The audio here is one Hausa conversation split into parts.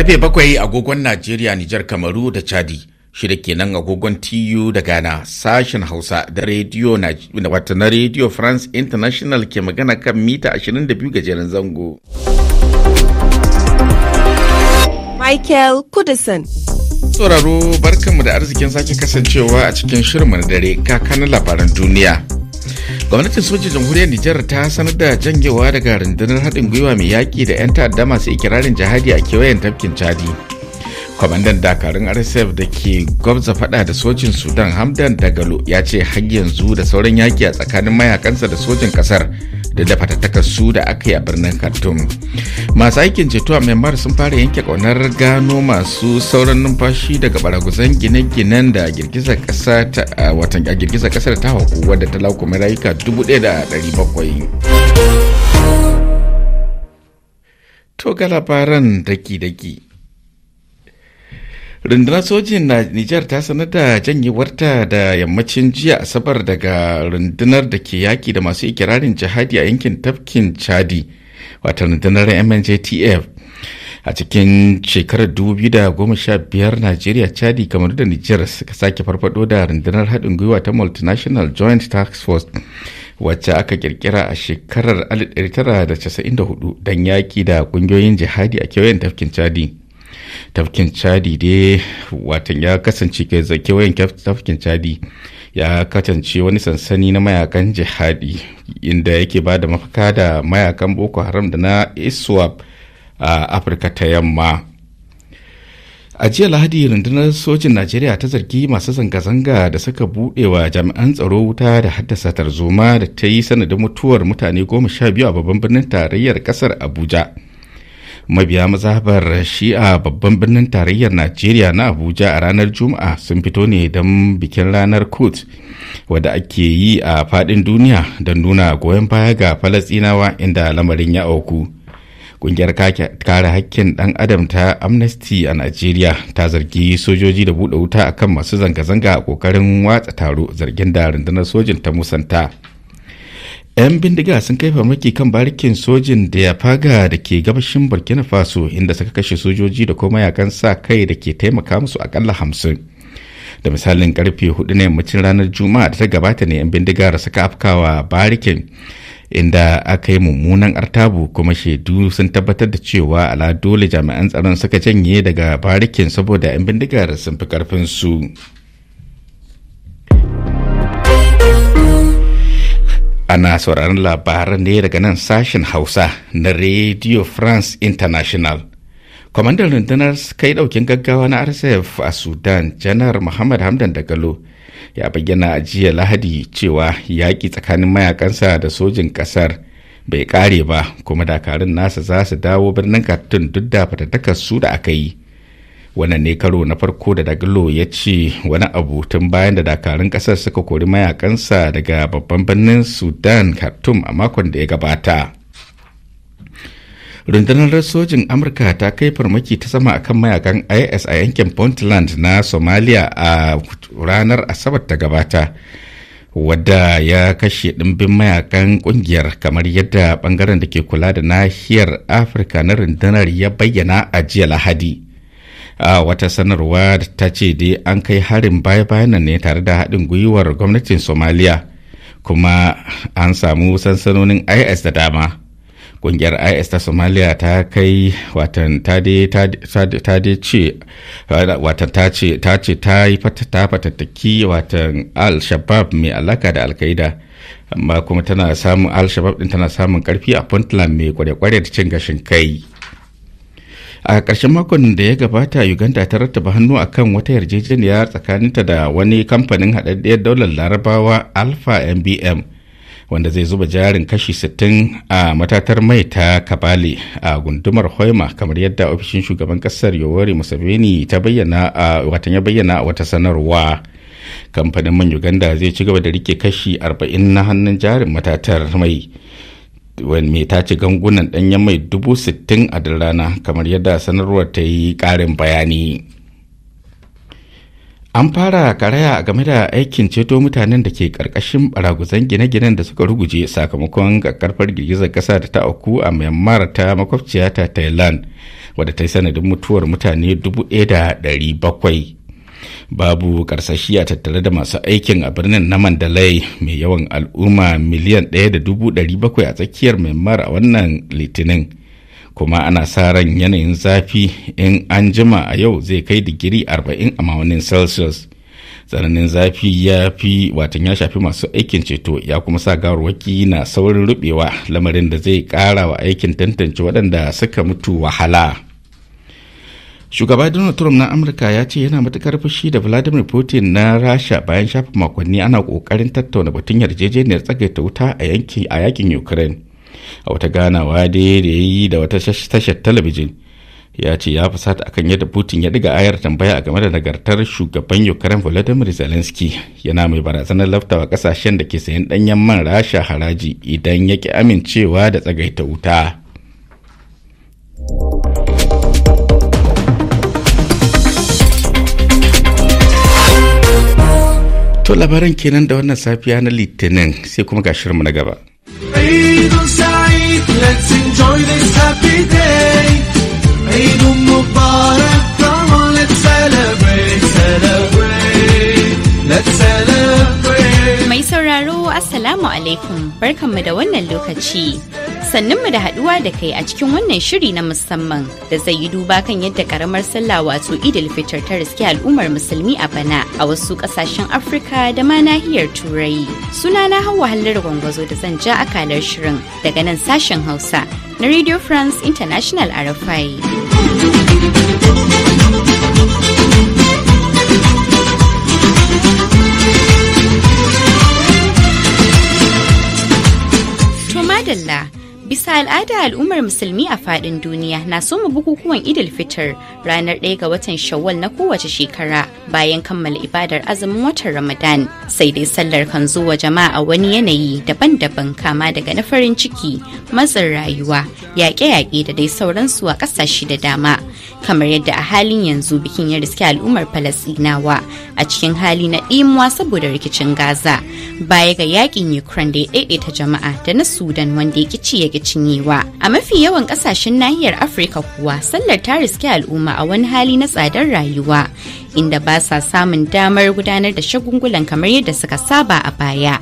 Karfe bakwai agogon Najeriya, Nijar, Kamaru da Chadi. Shida kenan agogon TU da Ghana sashen Hausa da rediyo wata na Radio France International ke magana kan mita 22 gajeren zango. Michael Kudison. Sauraro barkanmu da arzikin sake kasancewa a cikin shirin dare kakanin labaran duniya. gwamnatin sojin jamhuriyar nijar ta sanar da jangewa daga rundunar haɗin gwiwa mai yaƙi da 'yan ta'adda masu ikirarin jihadi a kewayen tafkin chadi kwamandan dakarun rsf da ke gwamza faɗa da sojin sudan hamdan dagalo ya ce har yanzu da sauran yaƙi a tsakanin mayakansa da sojin ƙasar da da fatattakar su da aka yi a birnin khartoum masu aikin ceto a myanmar sun fara yanke ƙaunar gano masu sauran numfashi daga baraguzan gine-ginen da girgizar kasa ta watan a girgizar ƙasar ta haku wadda ta laukumi rayuka 1,700 to ga labaran daki-daki rundunar sojin na nijar ta sanar da janyewarta da yammacin jiya asabar daga rundunar da ke yaki da masu ikirarin jihadi a yankin tafkin chadi wata rundunar mnjtf a cikin shekarar 2015 nigeria chadi kamar da nijar suka sake farfado da rundunar haɗin gwiwa ta multinational joint task force wacce aka kirkira a shekarar 1994 don yaki da ƙungiyoyin jihadi a kewayen tafkin chadi tafkin chadi dai watan ya kasance wayan tafkin chadi ya kasance wani sansani na mayakan jihadi inda yake ba da mafaka da mayakan boko haram da na iswap a afirka ta yamma a jiya lahadi rundunar sojin najeriya ta zargi masu zanga-zanga da suka buɗe wa jami'an tsaro wuta da haddasa tarzoma da ta yi sanadin mutuwar mutane goma sha biyu a babban birnin tarayyar ƙasar abuja mabiya mazhabar shi'a babban birnin tarayyar najeriya na abuja a ranar juma'a sun fito ne don bikin ranar kut wadda ake yi a fadin duniya don nuna goyon baya ga falasinawa inda lamarin ya auku kungiyar kare hakkin dan adam ta amnesty a najeriya ta zargi sojoji da buɗe wuta akan masu zanga-zanga a kokarin watsa taro zargin da rundunar sojin ta musanta 'yan bindiga sun kai farmaki kan barikin sojin da ya faga da ke gabashin burkina faso inda suka kashe sojoji da kuma yakan sa kai da ke taimaka musu akalla hamsin da misalin karfe hudu ne yammacin ranar juma'a da ta gabata ne 'yan bindigar suka afkawa barikin inda aka yi mummunan artabu kuma shaidu sun tabbatar da cewa ala dole jami'an tsaron suka janye daga barikin saboda 'yan bindigar sun fi karfin su. ana sauraron labaran ne daga nan sashen hausa na radio france international kwamandan rundunar kai daukin gaggawa na rsf a sudan janar muhammad hamdan dagalo ya bayyana a jiya lahadi cewa yaƙi tsakanin mayakansa da sojin ƙasar bai ƙare ba kuma dakarun nasa za su dawo birnin katun duk da fatattakar su da aka yi wannan ne karo na farko da dagalo ya ce wani abu tun bayan da dakarun kasar suka kori mayakansa daga babban birnin sudan khartoum a makon da ya gabata rundunar sojin amurka ta kai farmaki ta sama akan mayakan is a yankin puntland na somalia a ranar asabar ta gabata wadda ya kashe ɗimbin mayakan kungiyar kamar yadda bangaren da ke kula da nahiyar afirka na rundunar ya bayyana a jiya lahadi a wata sanarwa ta ce dai an kai harin baya-bayan ne tare da haɗin gwiwar gwamnatin somaliya kuma an samu sansanonin is da dama ƙungiyar is ta somaliya ta kai watan ta dai ce watan ta yi fatattaki watan al-shabab mai alaka da al-qaida amma kuma tana samun al-shabab din tana samun karfi a puntland mai kware-kware da cin gashin kai a ƙarshen makon da ya gabata uganda ta rattaba hannu a kan wata yarjejeniya tsakaninta da wani kamfanin haɗaɗɗiyar daular larabawa alpha mbm wanda zai zuba jarin kashi 60 a matatar mai ta kabale a gundumar hoima kamar yadda ofishin shugaban kasar yoweri museveni ta bayyana a watan ya bayyana a wata sanarwa kamfanin man uganda zai ci gaba da rike kashi 40 na hannun jarin matatar mai ta ci gangunan ɗanyen mai dubu sittin a rana kamar yadda sanarwar ta yi karin bayani an fara karaya game da aikin ceto mutanen da ke ƙarƙashin baraguzan gine-ginen da suka ruguje sakamakon karfar girgizar ƙasa da ta auku a myanmar ta makwabciya ta thailand wadda ta yi sanadin mutuwar mutane dubu da ɗari bakwai babu karsashi a tattare da masu aikin a birnin na mandalay mai yawan al'umma miliyan ɗaya da dubu ɗari bakwai a tsakiyar myanmar a wannan litinin kuma ana sa ran yanayin zafi in an jima a yau zai kai digiri arba'in a ma'aunin celsius tsananin zafi ya fi watan ya shafi masu aikin ceto ya kuma sa gawarwaki na saurin rubewa lamarin da zai kara wa aikin tantance waɗanda suka mutu wahala. shugaba donald trump na amurka ya ce yana matukar fushi da vladimir putin na rasha bayan shafa makonni ana kokarin tattauna batun yarjejeniyar tsagaita wuta a yankin a yakin ukraine a wata ganawa dai da ya yi da wata tashar talabijin ya ce ya fusata akan yadda putin ya diga ayar tambaya a game da nagartar shugaban ukraine vladimir zelensky yana mai barazanar laftawa kasashen da ke sayan danyen man rasha haraji idan ya ki amincewa da tsagaita wuta To labaran kenan da wannan safiya na litinin sai kuma ga shirinmu na gaba. Mai sauraro Assalamu alaikum barkanmu da wannan lokaci. sannunmu da haduwa da kai a cikin wannan shiri na musamman da zai yi duba kan yadda karamar sallah wato idil fitar ta riske al'ummar musulmi a bana a wasu kasashen afirka da ma nahiyar turai sunana hawa hallar gwangwazo da zan ja akalar shirin daga nan sashen hausa na radio france international rfi da al'ummar musulmi a fadin duniya na soma bukukuwan idil fitar ranar 1 ga watan shawwal na kowace shekara bayan kammala ibadar azumin watan ramadan sai dai sallar kan zo wa jama'a wani yanayi daban-daban kama daga na farin ciki matsin rayuwa yaƙe-yaƙe da dai sauransu a ƙasashe da dama kamar yadda a halin yanzu bikin ya riske al'ummar falasinawa a cikin hali na ɗimuwa saboda rikicin gaza baya ga yaƙin ukraine da ya ɗaiɗaita jama'a da na sudan wanda ya ƙici ya ƙi cinyewa a mafi yawan kasashen nahiyar afirka kuwa sallar ta riske al'umma a wani hali na tsadar rayuwa inda ba sa samun damar gudanar da shagungulan kamar yadda suka saba a baya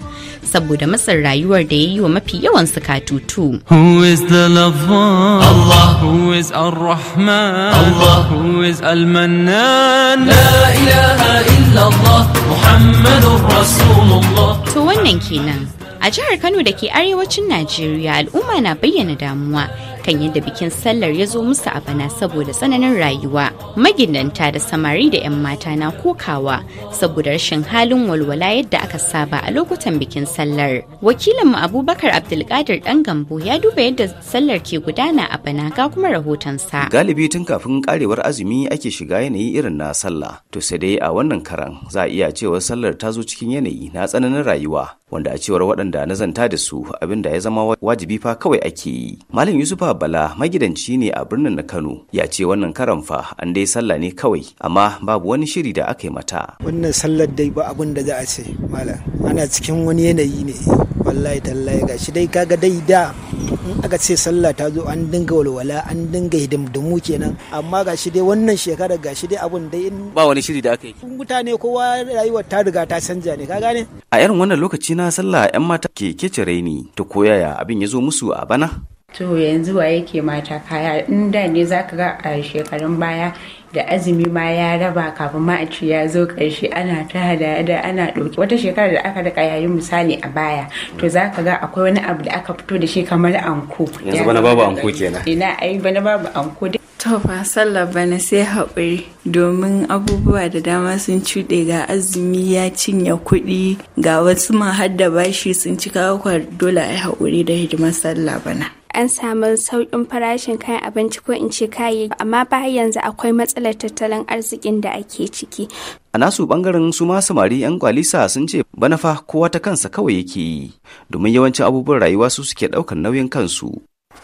saboda matsin rayuwar da ya yi wa mafi yawan su katutu. Who is the Allah. Who is rahman Allah. Who is La ilaha illallah Muhammadur Rasulullah. To wannan kenan. A jihar Kano da ke arewacin Najeriya al'umma na bayyana damuwa kan yadda bikin sallar ya zo musu a bana saboda tsananin rayuwa maginanta da samari da 'yan mata na kokawa saboda rashin halin walwala yadda aka saba a lokutan bikin sallar wakilinmu abubakar abdulkadir dan gambo ya duba yadda sallar ke gudana a bana ga kuma rahotonsa galibi tun kafin karewar azumi ake shiga yanayi irin na sallah to sai dai a wannan karan za a iya cewa sallar ta zo cikin yanayi na tsananin rayuwa wanda a cewar waɗanda na zanta da su abin da ya zama wajibi fa kawai ake yi malam yusufa Bala magidanci ne a birnin na Kano ya ce wannan karan fa an dai sallah ne kawai amma babu wani shiri da aka yi mata. Wannan sallar dai ba abin da za a ce malam ana cikin wani yanayi ne wallahi tallahi gashi dai kaga dai da in aka ce sallah ta zo an dinga walwala an dinga hidimdumu kenan amma ga shi dai wannan shekara ga shi dai abun dai ba wani shiri da aka yi mutane kowa rayuwar ta riga ta canja ne ka gane a irin wannan lokaci na sallah yan mata ke kece raini ta koyaya abin ya zo musu a bana to yanzu wa yake mata kaya in da ne ka ga a shekarun baya da azumi ma ya raba kafin ma a ce ya zo karshe ana ta hada ana ɗauki wata shekara da aka rika yayin misali a baya to za ka ga akwai wani abu da aka fito da shi kamar anko yanzu bana babu anko kenan ina ai bana babu anko tofa sallah bana sai haƙuri domin abubuwa da dama sun cuɗe ga azumi ya cinye kuɗi ga wasu ma bashi sun cika kwa dole ai haƙuri da hidimar sallah bana. An samu sauƙin farashin kayan abinci ko in ce kayi amma ba yanzu akwai matsalar tattalin arzikin da ake ciki. A nasu bangaren su ma samari 'yan kwalisa sun ce bana fa kowa ta kansa kawai yake yi domin yawancin abubuwan rayuwa su suke ɗaukar nauyin kansu.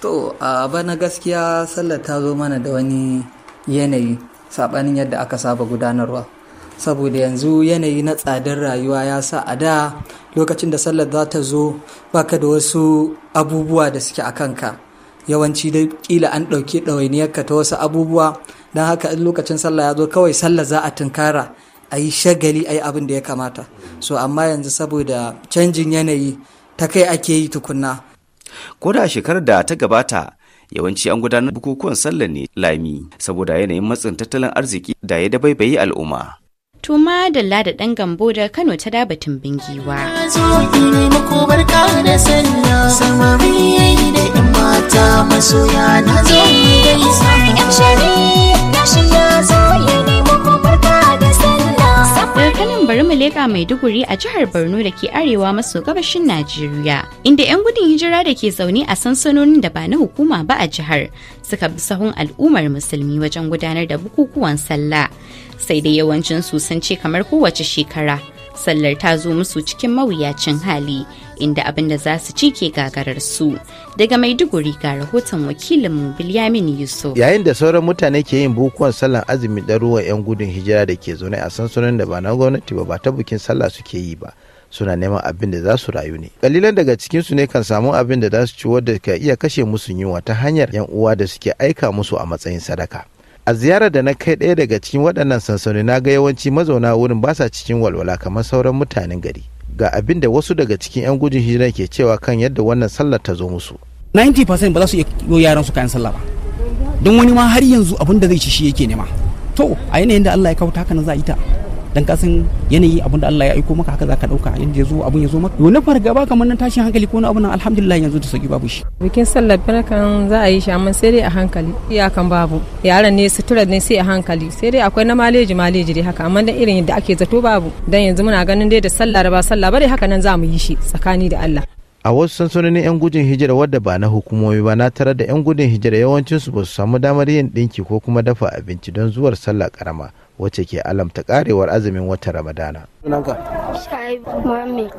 to a bana gaskiya sallar ta zo mana da wani yanayi saɓanin yadda aka saba gudanarwa saboda yanzu yanayi na tsadar rayuwa ya sa a da lokacin da sallar za ta zo baka da wasu abubuwa da suke a kanka yawanci dai kila an ɗauki ɗawainiyarka ta wasu abubuwa don haka in lokacin sallah ya zo kawai sallah za a tunkara a yi shagali a yi abin da ya kamata so amma yanzu saboda canjin yanayi ta kai ake yi tukunna ko da shekarar da ta gabata yawanci an gudanar bukukuwan sallar ne lami saboda yanayin matsin tattalin arziki da ya dabaibayi al'umma tuma da da ɗan gambo da kano ta daba tumbin mata masoya na zo bari mu leƙa Maiduguri a jihar Borno da ke arewa maso gabashin Najeriya, inda 'yan gudun hijira da ke zaune a sansanonin da ba na hukuma ba a jihar suka bi sahun al'ummar musulmi wajen gudanar da bukukuwan sallah. Sai dai yawancin su sun ce kamar kowace shekara sallar ta zo musu cikin mawuyacin hali inda abin da za su ci ke gagarar su daga maiduguri ga rahoton wakilinmu bilyamin yusuf yayin da sauran mutane ke yin bukuwan sallan azumi ɗaruwan 'yan gudun hijira da ke zaune a sansanin da ba na gwamnati ba ba ta bukin sallah suke yi ba suna neman abin da za su rayu ne kalilan daga cikin su ne kan samu abin da za su ci wadda ka iya kashe musu yunwa ta hanyar yan uwa da suke aika musu a matsayin sadaka a ziyarar da na kai ɗaya daga cikin waɗannan sansani na ga yawanci mazauna wurin ba sa cikin walwala kamar sauran mutanen gari ga abin da wasu daga cikin 'yan gudun hijira ke cewa kan yadda wannan sallar ta zo musu 90% ba za su iya yaran su kayan sallah ba don wani ma har yanzu abin da zai ci shi yake nema to a yanayin da Allah ya kawo ta haka za a yi ta dan kasan yanayi abin da Allah ya aiko maka haka zaka dauka inda ya zo abin ya zo maka wani ba kamar nan tashin hankali ko na abu nan alhamdulillah yanzu da sauki babu shi bikin sallar barkan za a yi shi amma sai dai a hankali iyakan babu yaran ne sutura ne sai a hankali sai dai akwai na maleji maleji dai haka amma dan irin yadda ake zato babu dan yanzu muna ganin dai da sallah ba sallah ba haka nan za mu yi shi tsakani da Allah a wasu sansanonin 'yan gudun hijira wadda ba na hukumomi ba na tarar da 'yan gudun hijira yawancinsu ba su samu damar yin dinki ko kuma dafa abinci don zuwar sallah karama wacce ke alamta karewar azumin watan ramadana.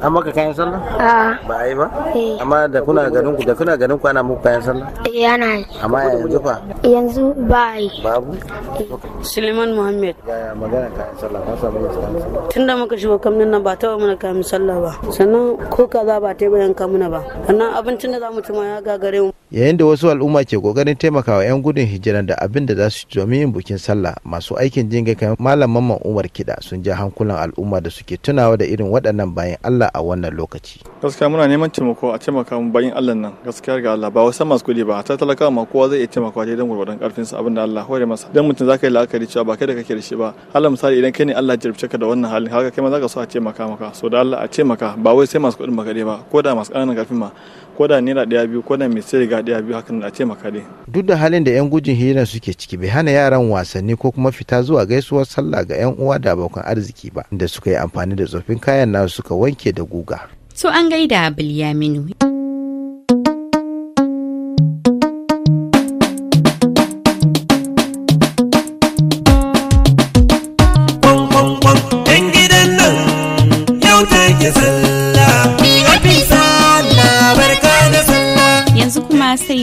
amma ka kayan sallah? A. Ba a yi ba? Eh. Amma da kuna ganin ku da kuna ganin ku ana muku kayan sallah? Eh ana yi. Amma ya yanzu fa? Yanzu ba a yi. Babu? E. Suleiman Muhammad. Yaya magana kayan sallah ba sa muku kayan sallah? Tunda muka shigo kamnin nan ba ta wa muna kayan sallah ba. Sannan ko ka za ba ta yi bayan kamuna ba. Sannan abincin da za mu ci ma ya gagare mu. Yayin da wasu al'umma ke kokarin taimakawa 'yan gudun hijira da abin da za su ci domin yin bukin sallah masu aikin jin kai malam Mamman Umar Kida sun ja hankulan al'umma da suke tunawa da irin waɗannan waɗannan bayan Allah a wannan lokaci. gaskiya muna neman taimako a taimaka mu bayin Allah nan gaskiya ga Allah ba wasa masu kuɗi ba ta talaka ma kowa zai iya taimakawa dai dan gurgurdan karfin sa abinda Allah hore masa dan mutum zaka yi la'akari cewa ba kai da kake da shi ba Allah misali idan kai ne Allah jirbce ka da wannan halin haka kai ma zaka so a taimaka maka so da Allah a taimaka ba wai sai masu kuɗin maka ba ko da masu ƙananan karfin ma ko da naira ɗaya biyu ko da mai sai riga ɗaya biyu hakan a taimaka dai duk da halin da yan gujin hira suke ciki bai hana yaran wasanni ko kuma fita zuwa gaisuwar sallah ga yan uwa da abokan arziki ba da suka yi amfani da tsofin kayan nasu suka wanke da guga To an gaida Bilyaminu.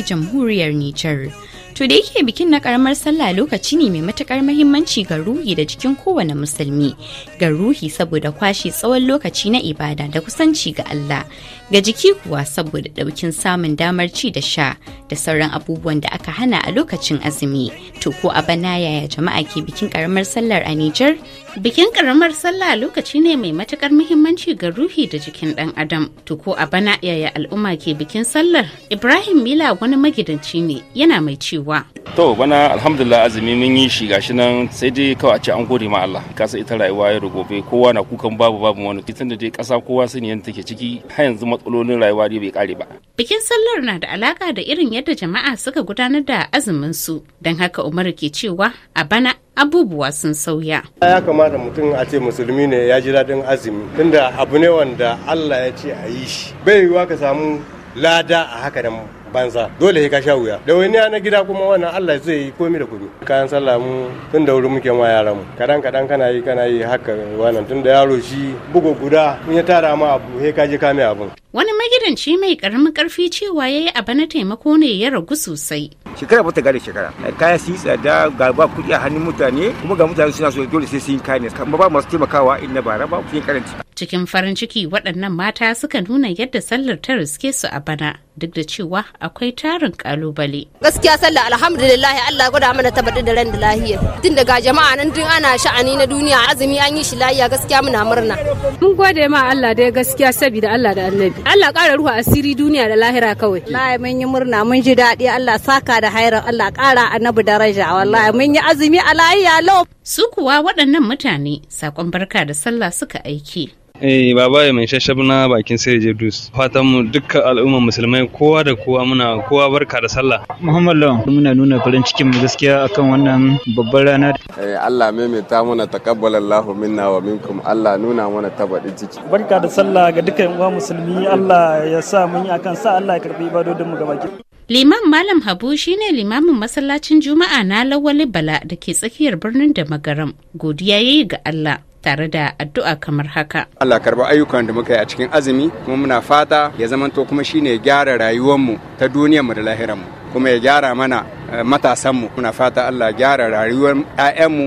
jamhuriyar Nijar. To da yake bikin na karamar sallah lokaci ne mai matukar mahimmanci ga ruhi da jikin kowane musulmi. Ga ruhi saboda kwashe tsawon lokaci na ibada da kusanci ga Allah. ga jiki kuwa saboda ɗaukin samun damar ci da sha da sauran abubuwan da aka hana a lokacin azumi to ko a bana yaya jama'a ke bikin karamar sallar a Nijar? Bikin karamar sallah lokaci ne mai matukar muhimmanci ga ruhi da jikin dan adam to ko a bana yaya al'umma ke bikin sallar Ibrahim Mila wani magidanci ne yana mai cewa to bana alhamdulillah azumi mun yi shi gashi nan sai dai kawai a ce an gode ma Allah kasa ita rayuwa ya gobe kowa na kukan babu babu wani kitan da dai kasa kowa sani yanda take ciki har yanzu matsalolin rayuwa dai bai kare ba. Bikin sallar na da alaka da irin yadda jama'a suka gudanar da azumin su don haka umar ke cewa a bana abubuwa sun sauya. Ya kamata mutum a ce musulmi ne ya ji daɗin azumi tunda abu ne wanda Allah ya ce a yi shi. Bai yiwuwa ka samu lada a haka da banza dole ka sha wuya da wani na gida kuma wannan Allah zai yi komi da komi kayan sallah mu tun da wuri muke ma yaran mu kadan kadan kana yi kana yi haka wannan tun da yaro shi bugu guda in ya tara ma abu he ka je ka abun wani magidanci mai karamin karfi cewa ya yi a bana taimako ne ya ragu sosai shekara bata gane shekara kaya sun tsada ga ba kuɗi a hannun mutane kuma ga mutane suna so dole sai sun kai ne kuma ba masu taimakawa in na bara ba su yi karanci cikin farin ciki waɗannan mata suka nuna yadda sallar ta riske su a bana duk da cewa akwai tarin kalubale. Gaskiya sallah alhamdulillah Allah gwada mana tabbatar da ran da lahiya. Tun daga jama'a nan tun ana sha'ani na duniya azumi an yi shi lahiya gaskiya muna murna. Mun gode ma Allah dai gaskiya saboda Allah da Annabi. Allah ƙara ruwa asiri duniya da lahira kawai. Wallahi mun yi murna mun ji daɗi Allah saka da haira Allah ƙara Annabi daraja wallahi mun yi azumi a lahiya lau. Su kuwa waɗannan mutane sakon barka da sallah suka aiki. Eh baba ya mai shashab na bakin sai je dus. Fatan mu dukkan al'ummar musulmai kowa da kowa muna kowa barka da sallah. Muhammad Lawan muna nuna farin cikin mu gaskiya akan wannan babbar rana. Eh Allah maimaita muna takabbalallahu minna wa minkum Allah nuna mana tabadin ciki. Barka da sallah ga dukkan uwa musulmi Allah ya sa mun yi akan sa Allah ya karbi ibadodin mu gabaki. Liman Malam Habu shine limamin masallacin Juma'a na Lawali Bala da ke tsakiyar birnin da magaram. Godiya yayi ga Allah. tare da addu'a kamar haka. Allah karba ayyukan da muka yi a cikin azumi kuma muna fata ya zamanto kuma shine gyara rayuwarmu ta duniyarmu da lahiranmu kuma ya gyara mana eh, matasanmu muna fata Allah gyara rayuwar 'ya'yanmu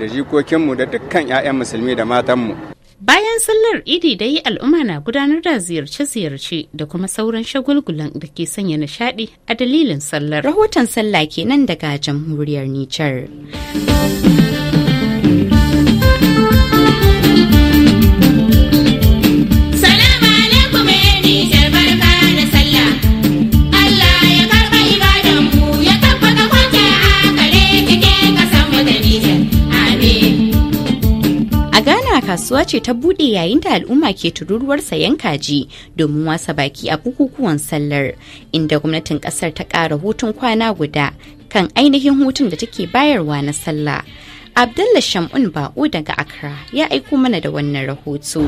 da jikokinmu da dukkan 'ya'yan musulmi da matanmu. Bayan sallar idi da yi al'umma na gudanar da ziyarce-ziyarce da kuma sauran shagulgulan da ke sanya nishaɗi a dalilin sallar. Rahoton sallah kenan daga jamhuriyar Nijar. kasuwa ce ta buɗe yayin da al'umma ke tururuwar sayan kaji domin wasa baki a bukukuwan sallar inda gwamnatin ƙasar ta ƙara hutun kwana guda kan ainihin hutun da take bayarwa na sallah. Abdullah Shamun Ba'u daga Accra ya aiko mana da wannan rahoto.